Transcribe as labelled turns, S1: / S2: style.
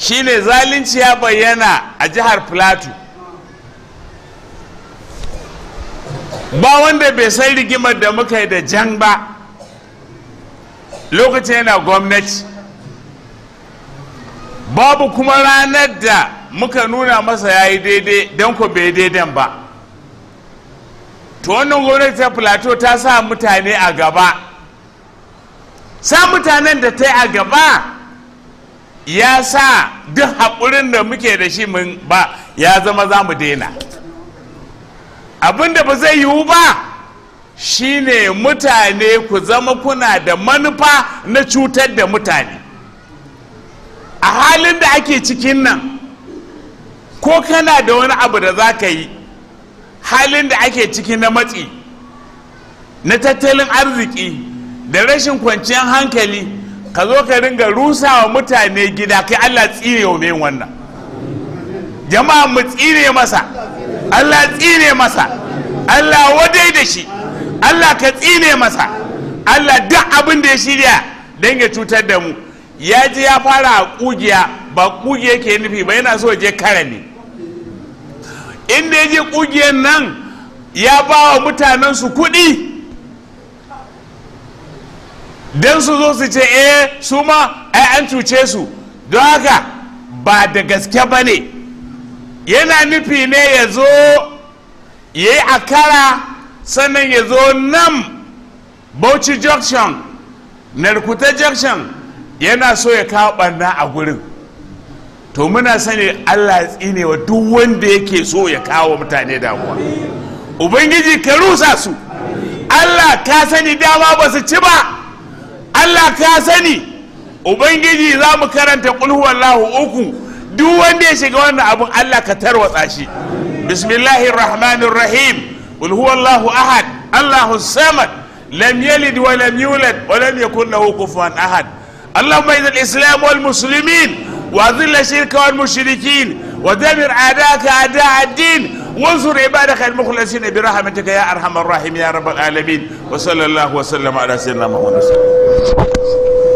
S1: shine zalunci ya bayyana a jihar plateau ba wanda bai san rigimar da muka yi da jan ba lokacin yana gwamnati babu kuma ranar da muka nuna masa ya yi daidai don ku bai daidan ba to wannan gwamnati ta plateau ta sa mutane a gaba sa mutanen da ta yi a gaba ya sa duk haƙurin da muke da shi mun ba ya zama za mu daina abin da ba zai yiwu ba shine mutane ku zama kuna da manufa na cutar da mutane a halin da ake cikin nan ko kana da wani abu da za ka yi halin da ake ciki na matsi na tattalin arziki da rashin kwanciyar hankali ka zo ka ringa rusa wa mutane gida kai Allah tsire wa mai wannan jama'a mu tsire masa Allah tsire masa Allah wadai da shi Allah ka tsire masa Allah duk abin da ya shirya don ya cutar da mu ya ji ya fara a kugiya ba kugiya ke nufi ba yana so je kare ne inda ya je kugiyan nan ya ba wa su kuɗi don su zo su ce eh su ma ai an cuce su don haka ba da gaske ba ne yana nufi ne ya zo ya yi akara sannan ya zo nan bauchi junction narkuta junction yana so ya kawo barna a gurin to muna sani allah tsine wa duk wanda yake so ya kawo mutane damuwa ubangiji ka rusa su allah ka sani dama ba su ci ba a ka sani ubangiji za mu karanta kulhuwallahu uku duk wanda ya shiga wannan abin allah ka tarwatsa shi bismillahir rahmanir rahim kulhuwallahu ahad allahu samad lam yalid wa lam yulad wa lam yakun lahu kufuwan ahad اللهم اذا الاسلام والمسلمين واذل الشرك والمشركين ودمر اعداءك اعداء الدين وانصر عبادك المخلصين برحمتك يا ارحم الراحمين يا رب العالمين وصلى الله وسلم على سيدنا محمد